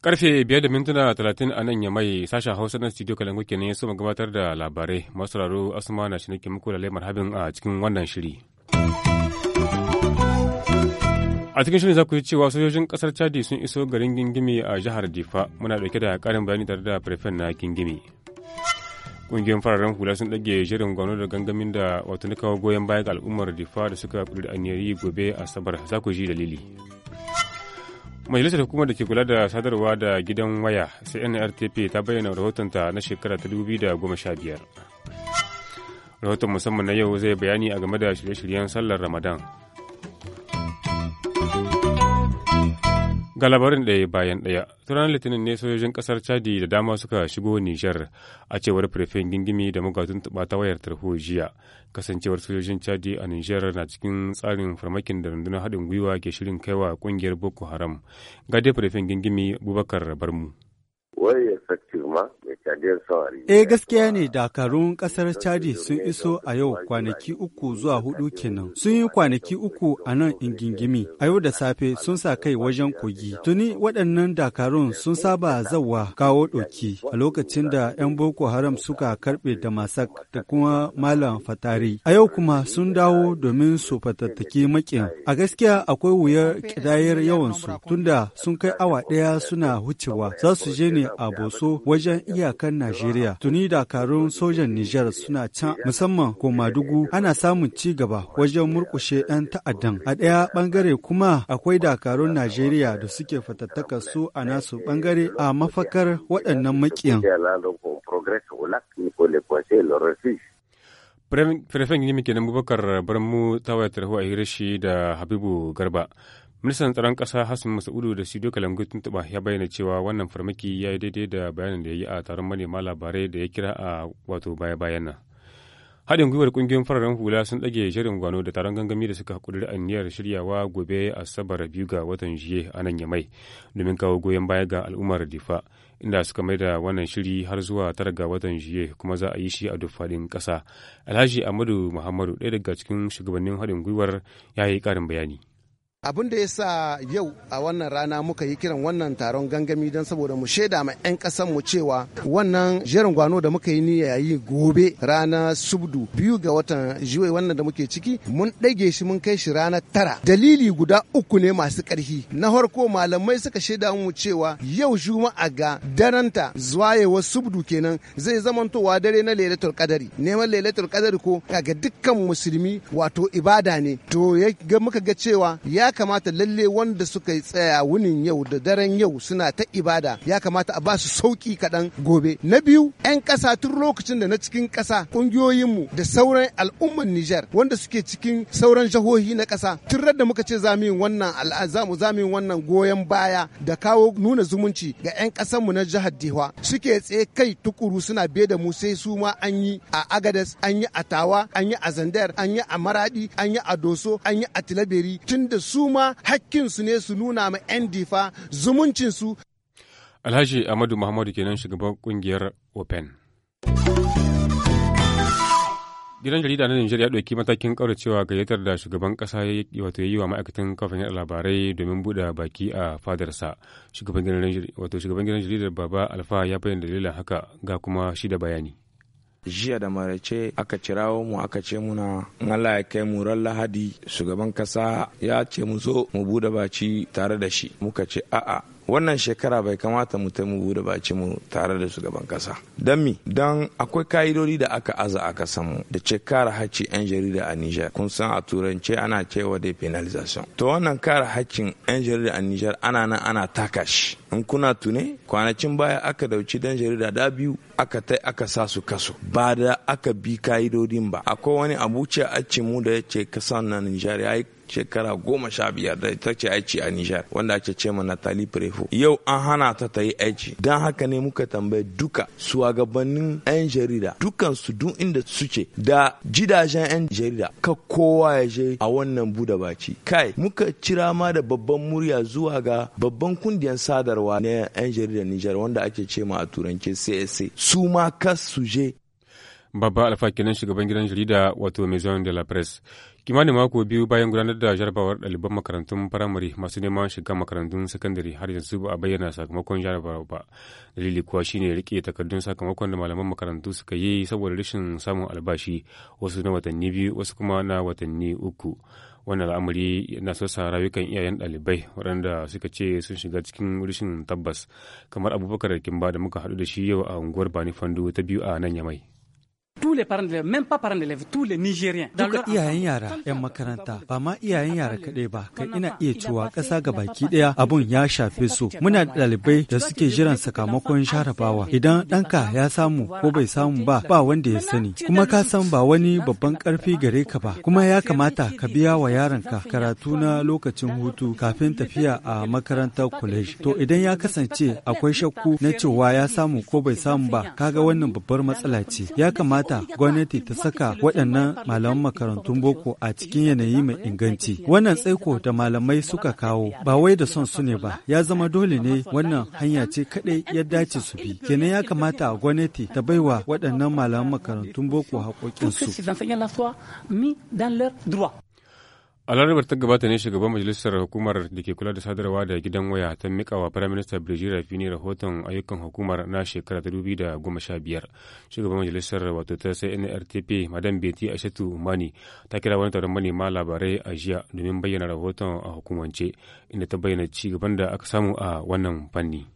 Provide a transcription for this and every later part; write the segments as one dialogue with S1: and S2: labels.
S1: Karfe biyar da mintuna talatin a nan ya mai sashen Hausa na studio Kalangu kenan ya soma gabatar da labarai. Masu raro Asuma na shi nake muku lalle marhabin a cikin wannan shiri. a cikin shirin za ku yi cewa sojojin kasar chadi sun iso garin gingimi a jihar difa muna dauke da karin bayani tare da prefen na gingimi ƙungiyar fararen hula sun ɗage shirin gwamnati da gangamin da wato na kawo goyon baya ga al'ummar difa da suka kuri da aniyari gobe a sabar za ku ji dalili majalisar hukumar da ke kula da sadarwa da gidan waya sai nrtp ta bayyana rahotonta na shekara ta da goma sha biyar. rahoton musamman na yau zai bayani a game da shirye-shiryen sallar ramadan Ga labarin ɗaya bayan ɗaya, ranar Litinin ne sojojin ƙasar Chadi da dama suka shigo Nijar a cewar firfin gingimi da magatun tuba ta wayar tarho jiya. Kasancewar sojojin Chadi a Nijar na cikin tsarin farmakin da rundunar haɗin gwiwa ke shirin kaiwa ƙungiyar Boko Haram. Ga dai firfin gingimi Bubakar Barmu. Eh gaskiya ne dakarun kasar Chadi sun iso
S2: a yau kwanaki uku zuwa hudu kenan. Sun yi kwanaki uku a nan ingingimi. A yau da safe sun sa kai wajen kogi. Tuni waɗannan dakarun sun saba zawa kawo ɗoki a lokacin da 'yan Boko Haram suka karɓe da masak da kuma Malam Fatari. A yau kuma sun dawo domin su fatattaki makin. A gaskiya akwai wuyar ƙidayar yawansu tunda sun kai awa ɗaya suna hucewa. Za su je ne a Boso wajen iya iyakan Najeriya tuni dakarun sojan Nijar suna can musamman Komadugu ana samun ci gaba wajen murkushe 'yan ta'addan. A ɗaya bangare kuma akwai dakarun Najeriya da suke fatattaka su a nasu bangare a mafakar waɗannan maƙiyan.
S1: Firfen yi muke nan Bubakar Barmu ta wayar tarho a hirashi da Habibu Garba. ministan tsaron ƙasa hassan masaudu da sido kalangu tuntuɓa ya bayyana cewa wannan farmaki ya yi daidai da bayanin da ya yi a taron manema labarai da ya kira a wato baya bayan nan haɗin gwiwar ƙungiyoyin fararen hula sun ɗage shirin gwano da taron gangami da suka a niyyar shiryawa gobe asabar biyu ga watan jiye a nan ya mai domin kawo goyon baya ga al'ummar difa inda suka mai da wannan shiri har zuwa tara ga watan jiye kuma za a yi shi a duk faɗin ƙasa alhaji ahmadu muhammadu ɗaya daga cikin shugabannin haɗin gwiwar ya yi ƙarin bayani abin
S3: da ya sa yau a wannan rana muka yi kiran wannan taron gangami don saboda mu shaida ma 'yan ƙasan mu cewa wannan jerin gwano da muka yi niyayi yi gobe rana subdu biyu ga watan juwe wannan da muke ciki mun ɗage shi mun kai shi rana tara dalili guda uku ne masu ƙarfi na farko malamai suka shaida mu cewa yau juma'a ga daranta zuwayewa subdu kenan zai zamantowa dare na lailatul kadari neman lailatul kadari ko ga dukkan musulmi wato ibada ne to ya muka ga cewa ya kamata lalle wanda suka tsaya wunin yau da daren yau suna ta ibada ya kamata a ba su sauki kaɗan gobe na biyu 'yan ƙasa tun lokacin da na cikin ƙasa ƙungiyoyinmu da sauran al'ummar Nijar wanda suke cikin sauran jahohi na ƙasa tun da muka ce zamu yin wannan al'azamu zamu yin wannan goyon baya da kawo nuna zumunci ga 'yan ƙasanmu na jihar Dihwa suke tsaye kai tukuru suna biye da mu sai su ma an yi a agadas an yi a Tawa an yi a Zandar an yi a Maradi an yi a Doso an yi a Tilaberi tun da su suma hakkin hakkinsu ne su nuna ma 'yan difa zumuncinsu.
S1: Alhaji Ahmadu Muhammadu kenan shugaban kungiyar Open. Gidan jarida na Nijar ya ɗauki matakin ƙauracewa gayyatar da shugaban ƙasa wato ya yi wa ma'aikatan kafin labarai domin buɗe baki a fadarsa. Shugaban gidan jaridar Baba Alfa
S4: ya bayyana dalilin haka ga kuma shi da bayani. jiya da marace aka cirawo mu aka ce muna Allah ya kai mu ran lahadi shugaban kasa ya ce mu zo mu bude baci tare da shi muka ce a'a wannan shekara bai kamata mu ta mu da baci mu tare da shugaban kasa don mi don akwai ka'idodi da aka aza a kasan mu. da ce kare hacci 'yan jarida a niger kun san a turance ana cewa da penalization to wannan kare haccin 'yan jarida a niger ana nan ana taka shi in kuna tune kwanacin baya aka dauki dan jarida da biyu aka tai aka sa su kaso ba da aka bi ka'idodin ba akwai wani abuci a mu da ya ce kasan na niger ya shekara goma sha biyar da ta ce aici a Nijar wanda ake ce ma Natali Prefo. Yau an hana ta ta yi aici. Don haka ne muka tambayi duka shugabannin 'yan jarida dukan su duk inda suke da gidajen 'yan jarida ka kowa ya je a wannan buda baci. Kai muka cira ma da babban murya zuwa ga babban kungiyar sadarwa na 'yan jaridar Nijar wanda ake ce ma a turanci CSA su ma kas su je.
S1: Babba alfa kenan shugaban gidan jarida wato Maison de la Presse. kimanin mako biyu bayan gudanar da jarabawar ɗaliban makarantun firamare masu neman shiga makarantun sakandare har yanzu ba a bayyana sakamakon jarabawa ba dalili kuwa shine rike takardun sakamakon da malaman makarantu suka yi saboda rashin samun albashi wasu na watanni biyu wasu kuma na watanni uku wannan al'amari na sassa rayukan iyayen ɗalibai waɗanda suka ce sun shiga cikin rashin tabbas kamar abubakar kimba da muka haɗu da shi yau a unguwar bani fandu ta biyu a nan yamai
S2: tous les parents d'élèves, même pas parents d'élèves, tous les Nigériens. Duka iyayen yara 'yan makaranta ba ma iyayen yara kaɗai ba kai ina iya cewa ƙasa ga baki ɗaya abun ya shafe su. Muna da ɗalibai da suke jiran sakamakon jarabawa idan ɗanka ya samu ko bai samu ba ba wanda ya sani kuma ka san ba wani babban ƙarfi gare ka ba kuma ya kamata ka biya wa yaronka karatu na lokacin hutu kafin tafiya a makarantar college. To idan ya kasance akwai shakku na cewa ya samu ko bai samu ba kaga wannan babbar matsala ce ya kamata kamata gwamnati ta saka waɗannan malaman makarantun boko a cikin yanayi mai inganci. Wannan tsaiko da malamai suka kawo ba wai da son su ne ba, ya zama dole ne wannan hanya ce kaɗai ya dace su bi. Kenan ya kamata gwamnati ta baiwa waɗannan malaman makarantun boko haƙoƙinsu.
S1: A larabar ta gabata ne shugaban majalisar hukumar da ke kula da sadarwa da gidan waya ta mika wa firaminista Birji Rafini rahoton ayyukan hukumar na shekara ta dubi da goma sha biyar. Shugaban majalisar wato ta sai NRTP Madam Beti Ashatu Mani ta kira wani taron manema labarai a jiya domin bayyana rahoton a hukumance inda ta bayyana ci gaban da aka samu a wannan fanni.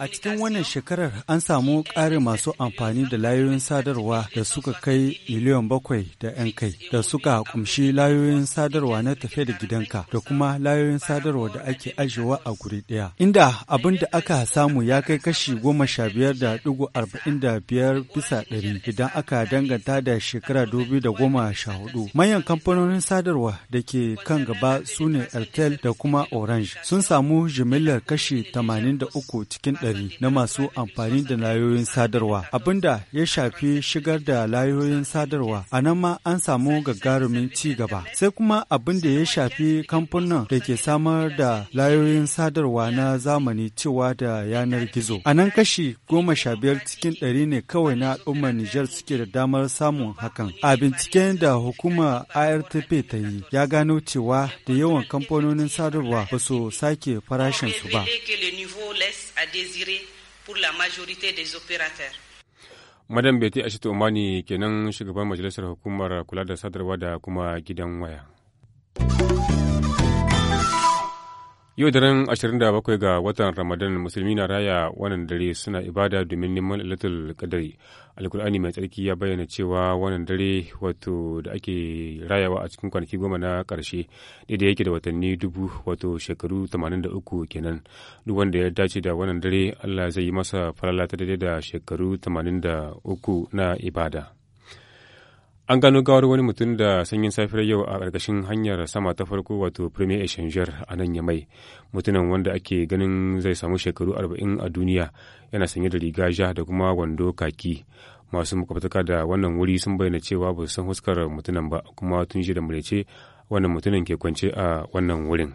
S1: A cikin wannan shekarar
S2: an samu ƙarin masu amfani da layoyin sadarwa da suka kai miliyan bakwai da 'yan kai da suka kumshi layoyin sadarwa na tafe da gidanka da kuma layoyin sadarwa da ake ajiyewa a guri ɗaya. Inda abin da aka samu ya kai kashi goma sha biyar da dugu arba'in da biyar bisa ɗari idan aka danganta da shekara dubu da goma sha hudu. Manyan kamfanonin sadarwa da ke kan gaba su ne Airtel da kuma Orange sun samu jimillar kashi 83 cikin 100 na masu amfani da layoyin sadarwa. Abinda ya shafi shigar da layoyin sadarwa, a nan ma an samu gagarumin ci gaba. Sai kuma abin da ya shafi kamfanin da ke samar da layoyin sadarwa na zamani cewa da yanar gizo. A nan kashi 15 cikin 100 ne kawai na al'ummar Nijar suke da damar samun hakan. A binciken da hukumar IRTP ta yi, ya gano cewa da yawan kamfanonin sadarwa ba su sake fara farashinsu ba.
S1: Madam Beti ashitu Umani kenan shugaban majalisar hukumar kula da sadarwa da kuma gidan waya. Yau daren 27 ga watan Ramadan musulmi na raya wannan dare suna ibada domin neman ilatul kadari. Alkur'ani mai tsarki ya bayyana cewa wannan dare wato da ake rayawa a cikin kwanaki goma na karshe daidai yake da watanni dubu wato shekaru 83 kenan. Duk wanda ya dace da wannan dare Allah zai yi masa falala ta daidai da shekaru 83 na ibada. An gano gawar wani mutum da sanyin safiyar yau a ƙarƙashin hanyar sama ta farko wato Premier Exchanger a nan Yamai. Mutumin wanda ake ganin zai samu shekaru arba'in a duniya yana sanye da riga ja da kuma wando kaki. Masu makwabtaka da wannan wuri sun bayyana cewa ba su san huskar mutumin ba kuma tun shi da murece wannan mutumin ke kwance a wannan wurin.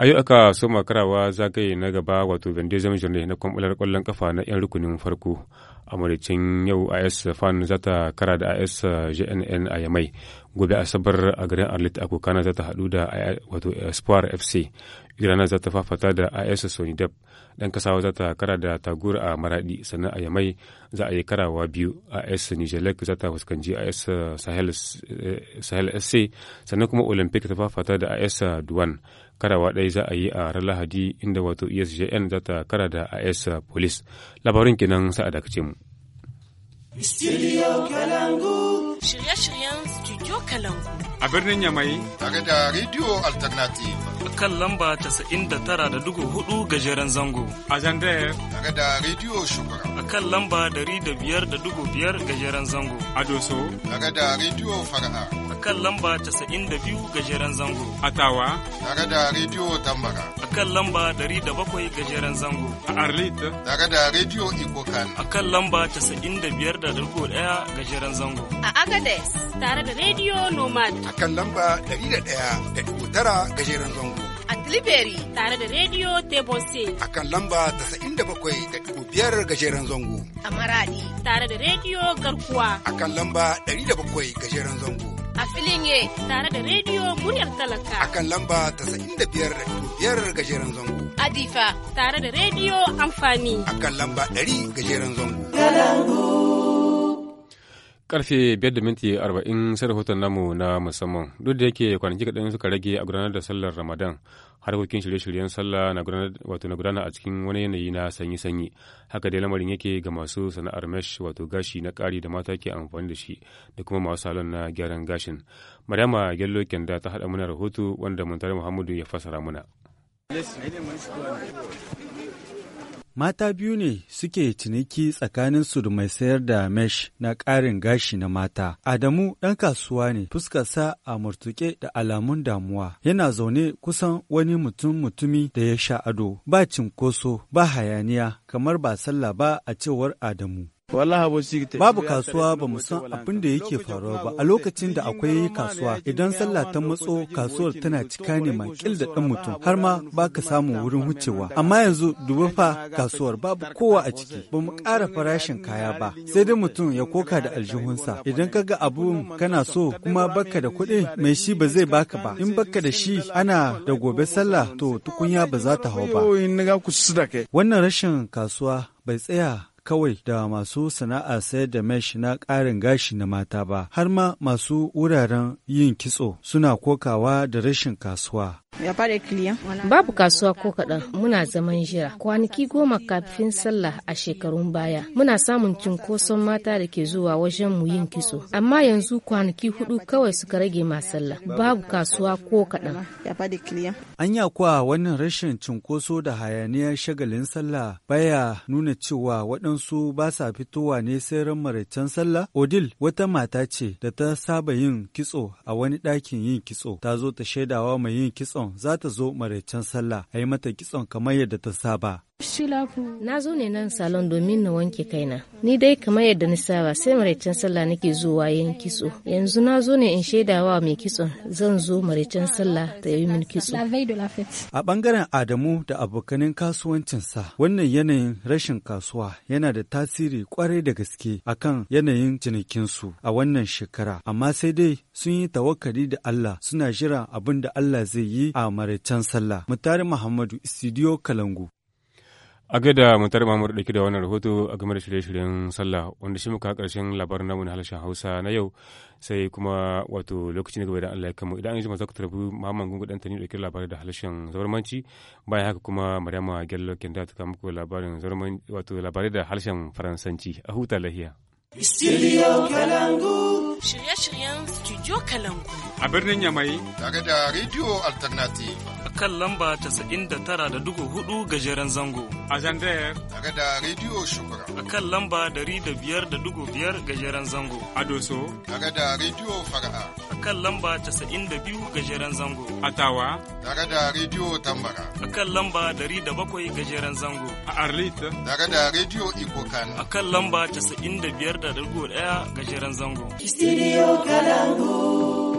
S1: a yau aka karawa zagaye na gaba wato vendezem journey na kwambular kwallon kafa na 'yan rukunin farko a madacin yau is fan za ta kara da is gnn a yamai gobe asabar a garin arlit a kokana za ta hadu da wato espoir fc irana za ta fafata da is sonidab dan kasawa za ta kara da tagur a maradi sannan a yamai za a yi karawa biyu is nijelek za ta fuskanci is sahel eh, sc sannan kuma olympic ta fafata da is duwan karawa ɗai za a yi a ranar lahadi inda wato esjn za ta kara da as police labarin kenan sa'a da dakace mu
S5: Studio Kalangu. Shirye-shiryen Studio Kalangu. A birnin Yamai. Tare da Radio Alternative. Kan lamba tara da dugu hudu gajeren zango. A Zandaya. Tare da Radio Shugura. A kan lamba dari da da dugu biyar gajeren zango. A Doso. Tare da Radio Fara'a. kan lamba 92 gajeren zango. A Tawa. Tare da Radio Tambara. A kan lamba bakwai gajeren zango. A Arlit. Tare da Radio Ikokan. A kan lamba da 95.1 gajeren zango. A Agades. Tare da Radio Nomad. A kan lamba da 101.9 gajeren zango. A Tilibiri tare da Radio Tebose.
S3: A kan lamba da biyar gajeren zango.
S5: A Maradi tare da Radio Garkuwa.
S3: A kan lamba bakwai gajeren zango.
S5: a filin ye tare da rediyo muryar talaka a
S3: kan lamba ta da biyar da biyar gajeren zango
S5: adifa tare da rediyo amfani a kan
S3: lamba ɗari gajeren zango
S1: Karfe biyar da minti arba'in sai rahoton namu na musamman duk da yake kwanaki kaɗan suka rage a gudanar da sallar Ramadan harkokin shirye-shiryen sallah na wato na gudana a cikin wani yanayi na sanyi-sanyi haka dai lamarin yake ga masu sana'ar mesh wato gashi na ƙari da mata ke amfani da shi da kuma masu salon na gyaran gashin. Maryama Gello Kenda ta haɗa mana rahoto wanda Muntari Muhammadu ya fassara muna. Mata biyu ne suke ciniki
S2: tsakaninsu da mai sayar da mesh na ƙarin gashi na mata. Adamu ɗan kasuwa ne, fuskarsa a murtuke da alamun damuwa. Yana zaune kusan wani mutum mutumi da ya sha ado, ba cinkoso, ba hayaniya, kamar ba sallah ba a cewar Adamu. Babu kasuwa ba mu san abin da yake faruwa ba a lokacin da akwai kasuwa idan sallah ta matso kasuwar tana cika ne ma kil da ɗan mutum har ma baka ka samun wurin wucewa. Amma yanzu duba fa kasuwar babu kowa a ciki ba mu ƙara farashin kaya ba sai dai mutum ya koka da aljihunsa idan ka ga abun kana so kuma baka da kuɗi mai shi ba zai baka ba in baka da shi ana da gobe sallah to tukunya ba za ta hau ba. Wannan rashin kasuwa bai tsaya kawai da masu sana'a sayar da mesh na ƙarin gashi na mata ba, har ma masu wuraren yin kitso suna kokawa da rashin kasuwa.
S5: Babu kasuwa ko kaɗan muna zaman jira. Kwanaki goma kafin sallah a shekarun baya muna samun cinkoson mata da ke zuwa wajen mu yin kitso. Amma yanzu kwanaki hudu kawai suka rage ma sallah. Babu kasuwa ko kaɗan.
S2: Anya kuwa wannan rashin cinkoso da hayaniyar shagalin sallah baya nuna cewa waɗansu su ba sa fitowa ne sai ran maraicen sallah? Odil wata mata ce da ta saba yin kitso a wani ɗakin yin kitso. Ta zo ta shaidawa mai yin kitson za ta zo maraicen sallah a yi mata kitson kamar yadda ta saba.
S5: Na zo ne nan salon domin na wanke kaina. Ni dai kamar yadda ni saba sai maraicen sallah nake zuwa yin kitso. Yanzu na zo ne in shaidawa mai kitson zan zo maraicen sallah ta yi min kitso. A bangaren
S2: Adamu da abokanin kasuwancinsa wannan yanayin rashin kasuwa yana da tasiri kwarai da gaske akan yanayin cinikinsu a wannan shekara. Amma sai dai sun yi tawakkali da Allah suna jira abin da Allah zai yi a maraicen sallah. Mutare
S1: Muhammadu studio Kalangu. A gaida mutar Mahmud ɗauki da wannan rahoto a game da shirye-shiryen sallah wanda shi muka ƙarshen labarin namu na halashen Hausa na yau sai kuma wato lokacin gaba da Allah ya kama idan an yi maza ku tarbi Muhammad Gungu dan tani ɗauki labarin da halashen zarmanci bayan haka kuma Maryama Gello Kenda ta kama muku labarin zaurmanci wato labarai da halashen Faransanci a huta lahiya.
S5: Studio Kalangu. Shirye-shiryen Studio Kalangu. a birnin Yamai. Tare da Radio
S1: Alternative.
S5: A kan lamba tara da dugu hudu gajeren zango. A Zandayar. Tare da Radio Shukura. A kan lamba dari da biyar da dugu biyar gajeren zango. A Doso. Tare da Radio Fara'a. A kan lamba 92 biyu gajeren zango. A Tawa. Tare da Radio Tambara. A kan lamba dari da bakwai gajeren zango. A Arlit. Tare da Radio Ikokan. A kan lamba da biyar da dugu 95.1 gajeren zango. Studio Kalangu.